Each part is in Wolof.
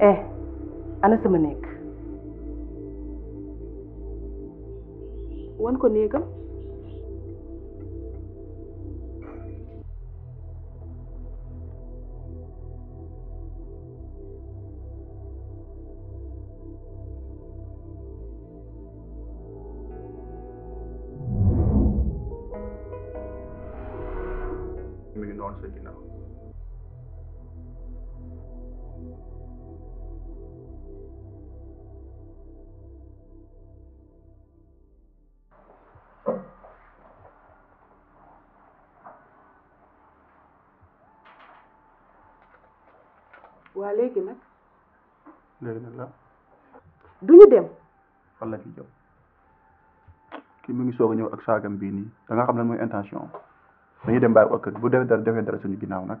eh ana sama néeg wan ko néegam waa léegi nag. léegi du ñu dem. fan fi jëm kii mu ngi soog a ñëw ak saagam bii nii da nga xam ne mooy intention dañuy dem baa ko kër bu defee dara defee dara suñu ginnaaw nag.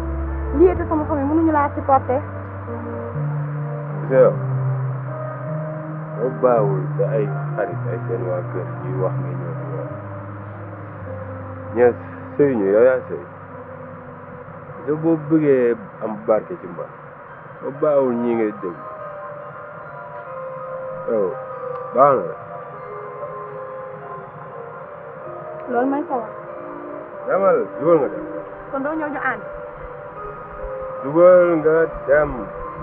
lii de sama famille mënuñu laa supporter. Seydou. boo baawul sa ay xarit ay seen waa kër ñuy wax nga ñëw di wax ñees sëy ñu yow yaa sëy te boo bëggee am barke ci mbar boo baawul ñii ngay dégg yow baax na loolu may sawar. demal jubal nga dem. kon doo ñëw ñu ànd. dugal nga dem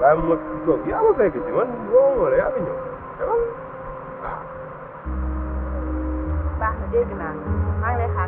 bàyyi ma ci toog yaa ma fekk ci man woo ma la yaa fi ñëw demal waaw. na dégg naa maa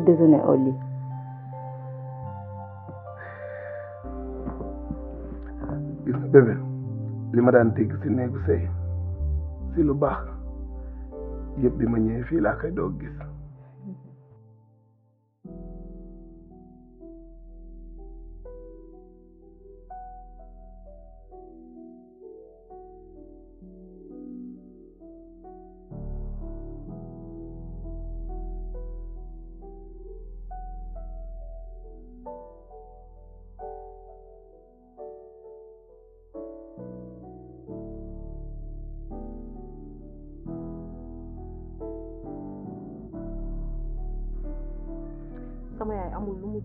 petit déjeuner au gis nga li ma daan dégg si néegu sëy si lu baax yëpp bi ma ñëwee fii laa koy doog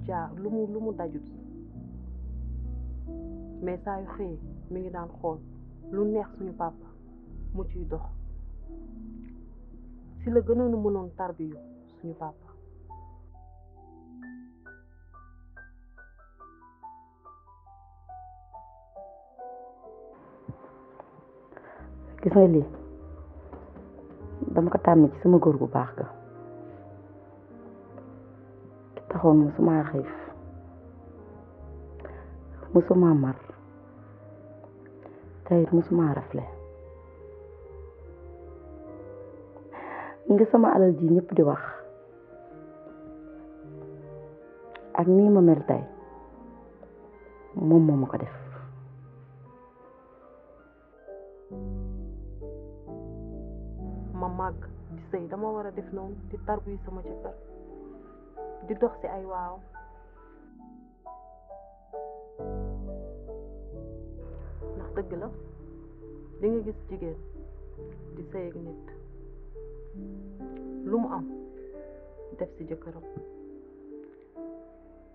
jaar lu mu lu mu dajut mais saa yu xëyee mi ngi daan xool lu neex suñu papa mu ciy dox si la gënoon a mënoon tarbiyu suñu papa gis nga lii dama ko tàmmee ci sama góor gu baax ga taxoon musuma xiif musuma mar tayit musuma rafle nga sama alal ji ñëpp di wax ak nii ma mel moom moo ma ko def ma màgg di sëy dama war a def noonu di tarbuy sama jëkkër di dox ci ay waawam ndax dëgg la li nga gis jigéen di sëy nit lu mu am def ci jëkkëram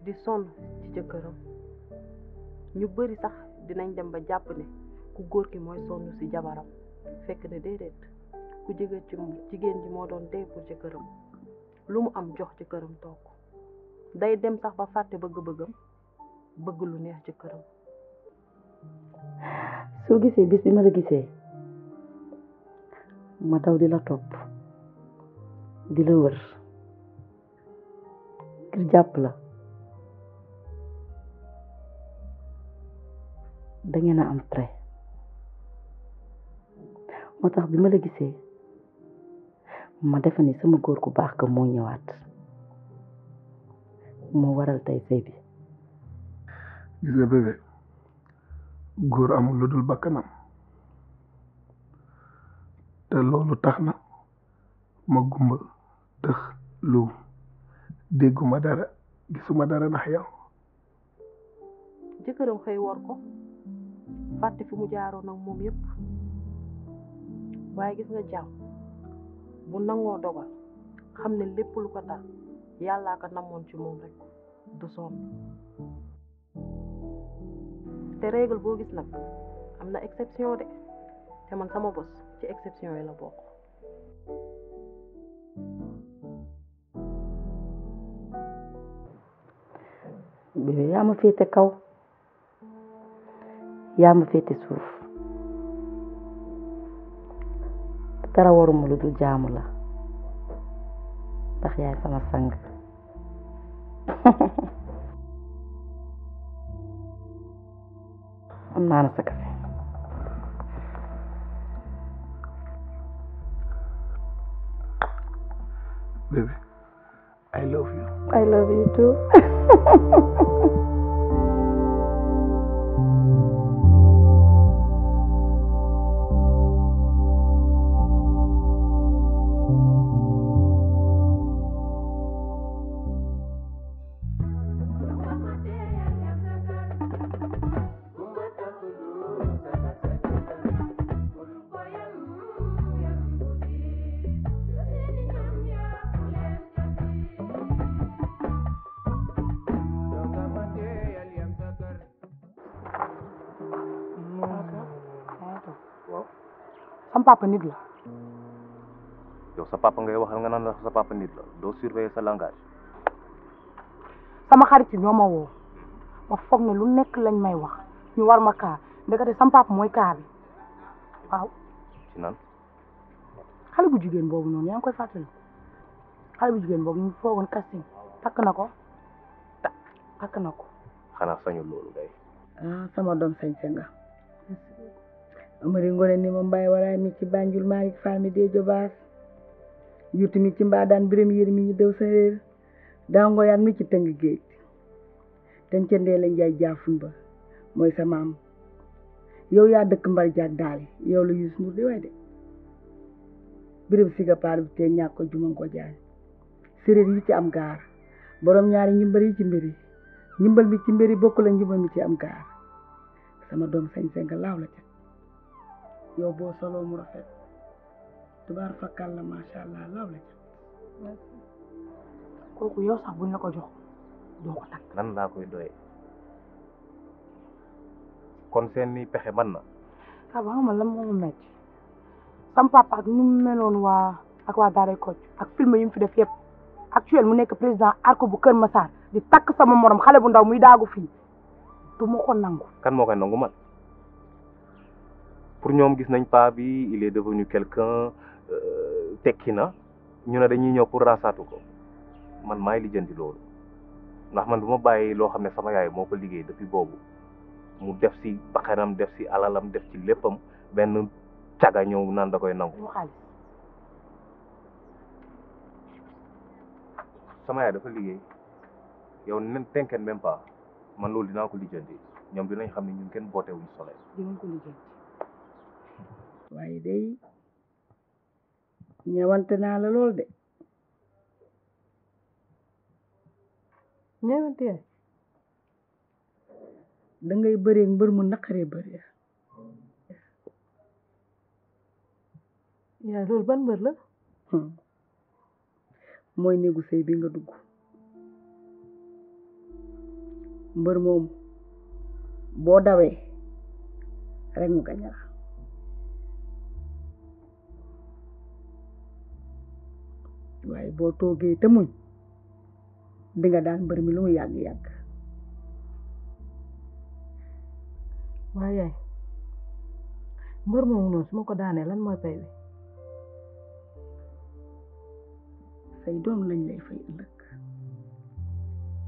di sonn ci jëkkëram ñu bari sax dinañ dem ba jàpp ne ku góor ki mooy sonn ci jabaram fekk ne déedéet ku jege ci jigéen ji moo doon dee pour jëkkëram lu mu am jox jëkkëram toog day dem sax ba fàtte bëgg-bëggam bëgg lu neex ci këram soo gisee bis bi ma la gisee ma daw di la topp di la wër ngir jàpp la dangeen a am trait moo tax bi ma la gisee ma defe ni sama góor ku baax ka moo ñëwaat moo waral tey sëy bi gis nga bébé góor amul lu dul bakkanam te loolu tax na ma gumba tëx lu dégguma dara gisuma dara ndax yow jëkkëram xëy wor ko fàtte fu mu jaaroon ak moom yépp waaye gis nga jàmm bu nangoo dogal xam ne lépp lu ko dal yàllaa ko namoon ci moom rek du sonn te règle boo gis nag am na exception de te man sama bos ci exception yi la bokk bébé yaa ma féete kaw yaa ma féete suuf dara waruma lu dul jaamu la ndax yaay sama sang I'm not a ಮಾನಸಿಕ Baby, I love you. I love you too. papa nit la. yow sa papa ngay waxal nga naan la sa papa nit la doo surveiller sa langage. sama xarit yi ñoo ma woo ma foog ne lu nekk lañ may wax ñu war ma kaa ndekete sama papa mooy kaar bi waaw. ci nan. xale bu jigéen boobu noonu yaa ngi koy fàttali xale bu jigéen boobu ñu foogoon takk na ko takk na ko. xanaa sañul loolu day. Ah, sama doom sañ-sañ nga. Amari Ngoné ni ma Mbaye waraay mi ci Banjul Malick Fall mi dee Jobaas yuuti mi ci mbaadaan biram yér mi ñu dew sa réer dangoyaan mi ci tëng géej dañ ca ndee la njaay jaafun ba mooy sa maam yow yaa dëkk mbar jaag daali yow la Youssou Ndour di way de biram siga paar bi te ñàkk ko juma ko jaay séréer yi ci am gaar boroom ñaari ñimbal yi ci mbiri ñimbal mi ci mbiri bokk la ñimbal mi ci am gaar sama doom sañ-sañ nga laaw la ca yow boo soloo mu rafet tubaar fakkal la macha allah law la kooku yow sax buñ la ko jox doo ko takk lan laa koy doyee kon seen ni pexe man na ka ah, ba xamal lan moo metti sam papa ak ni mu meloon waa ak waa daaray kocc ak film yi mu fi def yëpp actuel mu nekk président arko bu Kër Massar di takk sama morom xale bu ndaw muy daagu fii du ko nangu kan moo koy nangu man pour ñom gis nañ pa bi il est devenu quelqu'un euh tekina ñu ne dañuy ñëw pour rasatu ko man may maay lijjanti loolu ndax man du ma lo xamné sama yaay moko ko liggéey depuis bobu mu def ci bakaram def ci alalam def ci leppam ben caga ñëw nan da koy nangu. sama yaay dafa liggéey yow nen tenken même pas man loolu dina ko lijjanti ñom dinañ xamni ñun kenn boté bootewuñu soleil. dinañ ko lijjanti. waaye dey ñewante naa la lool de ñewanteel dangay bëreek mbër mu naqaree bëreel yaa loolu ban mbër la hmm. mooy néegu sëy bi nga dugg mbër moomu boo dawee rek mu gañe waaye boo toogee te muñ dinga daan mbër mi lu mu yàgg yàgg waaye yaay mbër moomu noonu su ma ko daanee lan mooy pay bi say doom lañ lay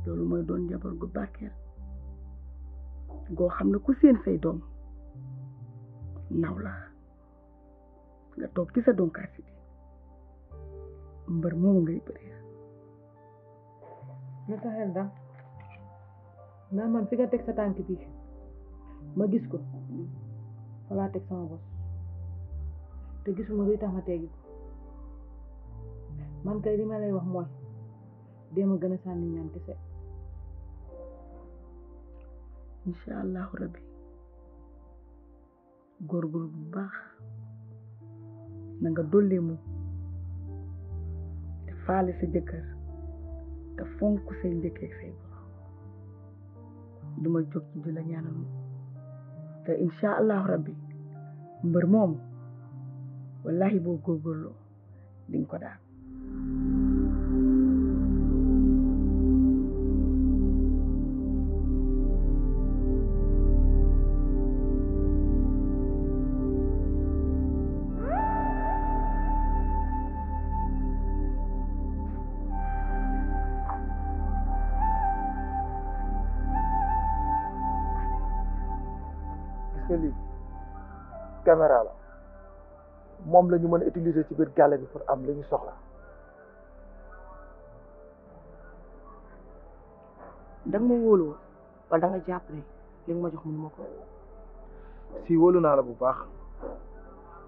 loolu mooy doon jabar gu barkeel goo xam ne ku seen say doom naw la nga toog ci sa doom kaasi mbër ngay bëree na sa xel da ndax man fi nga teg sa tànk bi ma gis ko fa laa teg sama bos te gisuma luy tax ma teggi ko li ma lay wax mooy déema gën a sànni ñaan kese incha allahu rabbi góorgóor bu baax na dollee mu faale sa jëkkër te fonk say njëkkeeg say borom du ma jóg ci di la te incha allahu rabbi mbër moomu wallahi boo góorgóorloo di ko daal caméra moom la ñu mën a utiliser ci biir gàlle bi pour am li ñu soxla. da nga ma wóolu wala da nga jàpp ne li nga ma jox mënuma ko. si wóolu naa la bu baax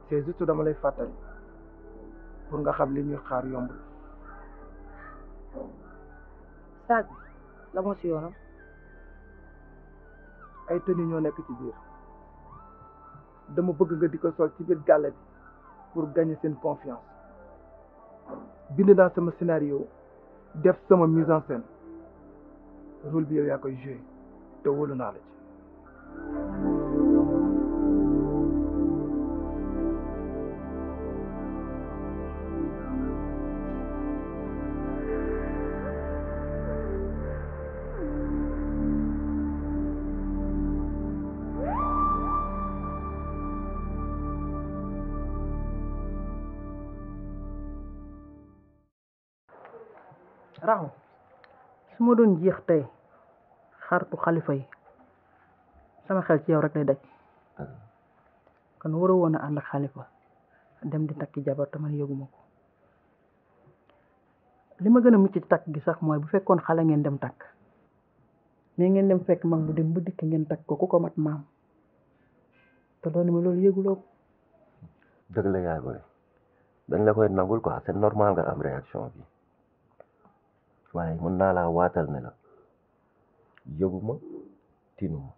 c'est juste dama lay fàttali pour nga xam li ñuy xaar yombul. saag bi la moo yoonam. ay tenue ñoo nekk ci biir. Damo boke gade dikoswa kipet galet pou ganyen sen konfyan. Bin nan seme senaryo, def seme mizan sen, roul biyo yako jye, te wou loun alet. raw su ma doon jeex tey xartu xalifa yi sama xel ci yow rek lay daj kon waroo woon a ànd ak xalifa dem di takki jabar te man yëguma ko li ma gën a mucc ci takk gi sax mooy bu fekkoon xale ngeen dem takk mais ngeen dem fekk mag bu dem bu dikk ngeen takk ko ku ko mat maam te doon ma loolu yëguloo ko dëgg la yaay booy dañ la koy nangul quoi c'est normal nga am réaction bi waaye mën naa laa waatal ne la yëguma tinuma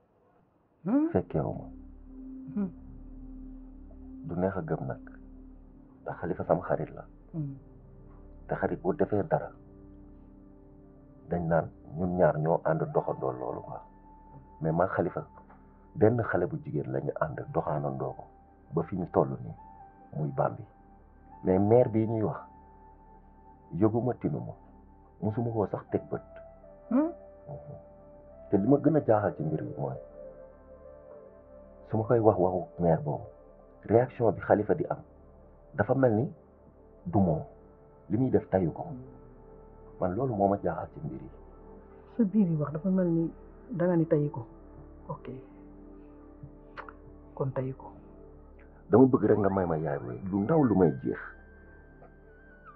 hmm? fekkewuma hmm. du neex a gëm nag ndax xalifa sama xarit la hmm. te xarit bu defee dara dañ naan ñun ñaar ñoo ànd doxandoo loolu ma mais maa xalifa benn xale bu jigéen lañu ànd doxaanandoo ko ba fi ñu toll nii muy Bambi mais mair bii ñuy wax yëguma tinuma musuma ko sax teg hmm te li gëna jaaxal ci mbir bi moy suma koy wax waxu réaction bi khalifa di am dafa melni, du mo li def tayu ko man lolu moma jaaxal ci mbir yi. sa wax dafa melni da nga ni tayu ko ok kon tayu ko. dama bëgg rek nga may ma yaay lu ndaw lu may jeex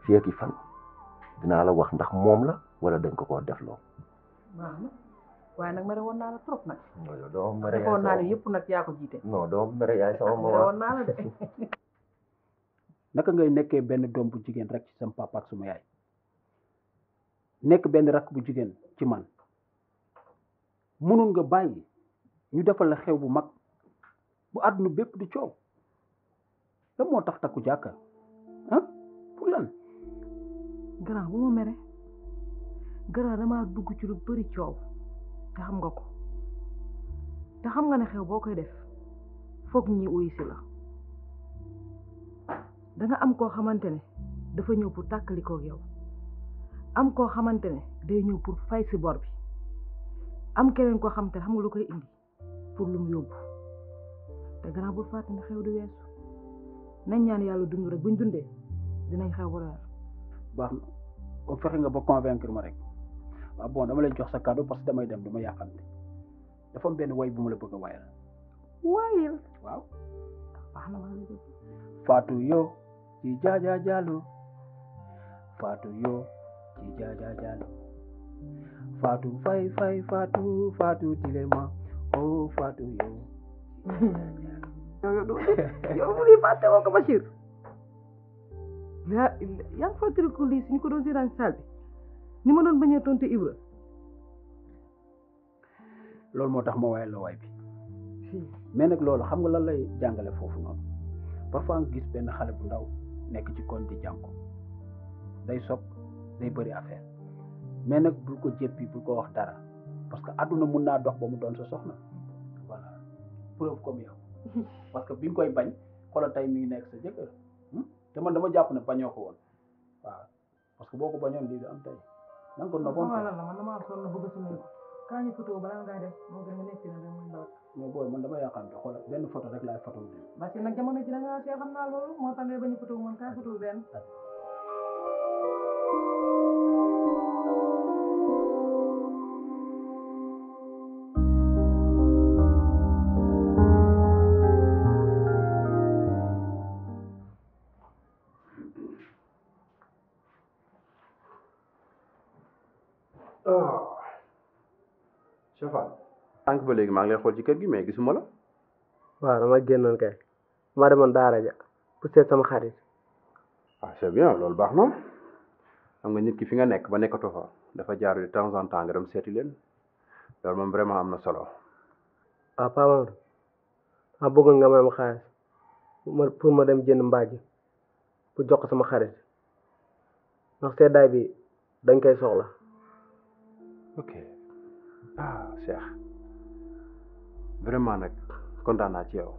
fi ak fan dinaa la wax ndax moom la wala dañ ko koo def loo. waaw waaye mere woon naa la trop nag. non doo mere yaay sama naa la yëpp nag yaa ko jiite. non doo mere yaay sama ma woon naa la de. naka ngay nekkee benn doom bu jigéen rek ci sama papa ak sama yaay nekk benn rakk bu jigéen ci man mënun nga bàyyi ñu defal la xew bu mag bu àdduna bépp di coow lan moo tax takku jàkka ah pour lan. grand bu ma mere grand damaa dugg ci lu bëri coow te xam nga ko te xam nga ne xew boo koy def foog ñi uyu si la danga am koo xamante ne dafa ñëw pour tàkkalikook yow am koo xamante ne day ñëw pour fay si bor bi am keneen koo xamante ne xam nga lu koy indi pour lu mu yóbbu te grand bu fàtte ne xew di weesu nañ ñaan yàlla dund rek buñ dundee dinañ xew ba baax na ko fexe nga ba ma rek waaw ah, bon dama la jox sa cadeau parce damay dem dama yàqante dafa am benn way bu ma la bëgg a wayal wayal waaw baax na ci jaaja jaalo Fatou ci jaaja jaalo Fatou fay fay Fatou Fatou dilema oh Fatou yo yow yow mu ni fàtte woo yaa ngi fàttaliku lii suñu ko doon seetaan saal bi ni ma doon bañ a tonte Ibra loolu moo tax ma waayal la waay bi mais nag loolu xam nga lan lay jàngale foofu noonu parfois nga gis benn xale bu ndaw nekk ci koñ di day sob day bëri affaire mais nag bul ko jéppi bul ko wax dara parce que àdduna mun naa dox ba mu doon sa soxna voilà preuve comme yow parce que bi nga koy bañ kolo tey mi ngi nekk sa jëkkër hmm? te man dama jàpp ne bañoo ko woon waaw parce que boo ko bañoon lii du am tey na nga man damaa sonn bëgg suñu kaa ñu photo balaa ngaa def moo gën nga nekk na nga mën man dama yaakaar ne xoolal benn photo rek laay photo bi parce que nag jamono ji da ngaa see xam naa loolu moo tax nga bañ a photo man kaa photo benn Ah. Cheikh Fall. tànk ba léegi maa ngi lay ci kër gi mais gisuma la. waaw dama génnoon kay ma demoon daara ja pour seet sama xarit. ah c'est bien loolu baax na xam nga nit ki fi nga nekk ba nekkatoo fa dafa jaar de temps en temps nga dem seeti leen loolu moom vraiment am na solo. waaw ah, Paa Maodo ma bëggoon nga may ma xaalis ma pour ma dem jënd mbaaj pour jox ko sama xarit ndax seddaay bi dañ koy soxla. ok ah Cheikh vraiment nag kontaan naa ci yow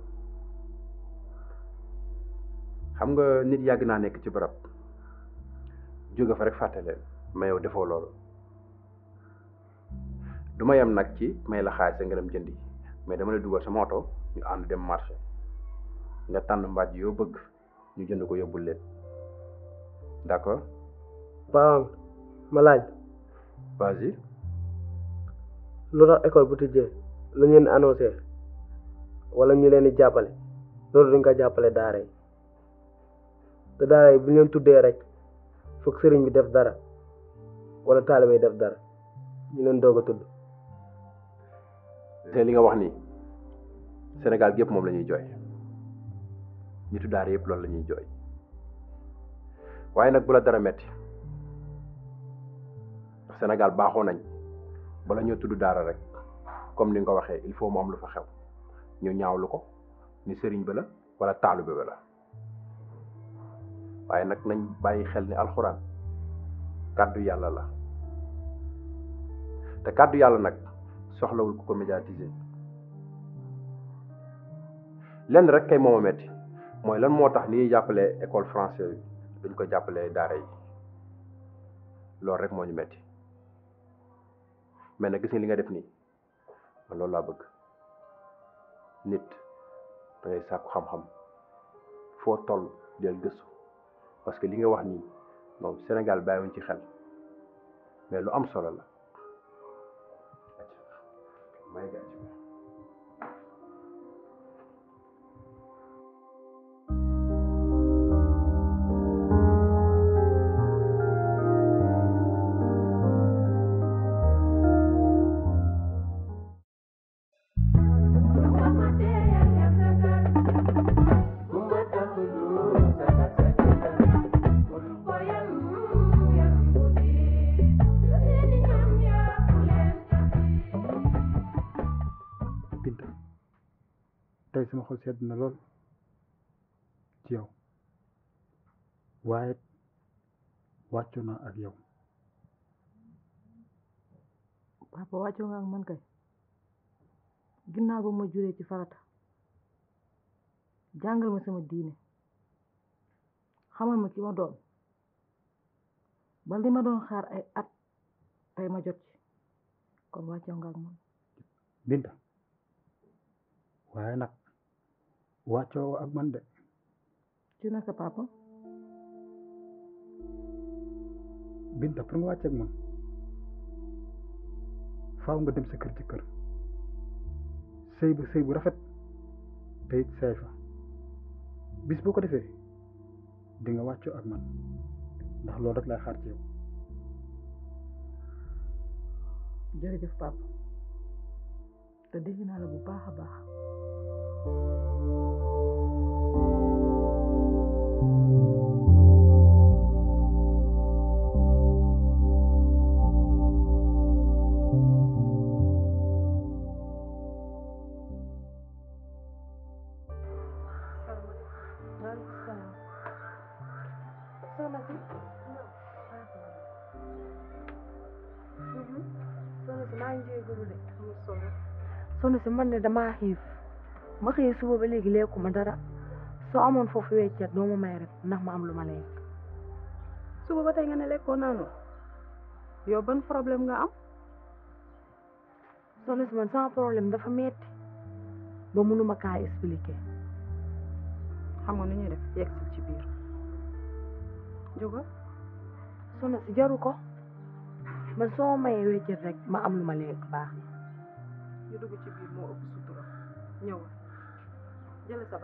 xam nga nit yàgg naa nekk ci barab jóge fa rek fàtte leen ma yow defoo loolu du ma nag ci may la xaalis nga dem jëndi mais dama lay dugal sama oto ñu ànd dem marché nga tànn mbàj yoo bëgg ñu jënd ko yóbbu leen d'accord. waaw ma laaj. lu tax école bu tijjee lu ñu leen annoncé wala ñu leen di jàppale loolu duñ ko jàppale daara yi te daara bu ñu leen tuddee rek foog sëriñ bi def dara wala taalibe yi def dara ñu leen doog a tudd. te li nga wax nii Sénégal gépp moom la ñuy jooy nitu daara yëpp loolu la ñuy jooy waaye nag bu la dara metti ndax baaxoo nañ. bala ñoo tudd daara rek comme ni nga ko waxee il faut mu lu fa xew ñu ñaawlu ko ni sëriñ ba la wala taalibe ba la waaye nag nañ bàyyi xel ni alxuraan kàddu yàlla la te kàddu yàlla nag soxlawul ku ko médiatiser lenn rek kay mooma metti mooy lan moo tax ni ñuy jàppale école française bi duñ ko jàppale daara yi loolu rek moo ñu metti mais na gis nga li nga def nii man loolu laa bëgg nit da ngay sàkku xam-xam foo toll del gëstu parce que li nga wax nii moom Sénégal bàyyiwuñ ci xel mais lu am solo la. na lool ci yow waaye wàccu naa ak yow papa wàccu nga ak man kay naa ba ma juree ci farata jàngal ma sama diine xamal ma ki ma doon ba li doon xaar ay at tey ma jot ci kon wàccu ak man Binta waaye nag wàccoo ak man de. ci nag papa. Binta pour nga wàcce ak man faw nga dem sa kër ci kër sëy bu rafet te it bis boo ko defee di nga wàccoo ak man ndax loolu rek lay xaar ci yow. jërëjëf papa te dégg la bu baax a baax. soxna si man ne damaa xiif ma xëyee suba ba léegi lekkuma dara soo amoon foofu weccet doo ma may rek ndax ma am lu ma lekk suba ba tey nga ne lekkoo naanoo yow ban problème nga am soxna si man sama problème dafa metti ba mënuma kaa expliquer xam nga nu ñuy def yegg si ci biir jógal soxna si jaru ko man soo mayee wéccet rek ma am lu ma lekk baax ñu dugg ci moo ëpp sutura ñëw jël sa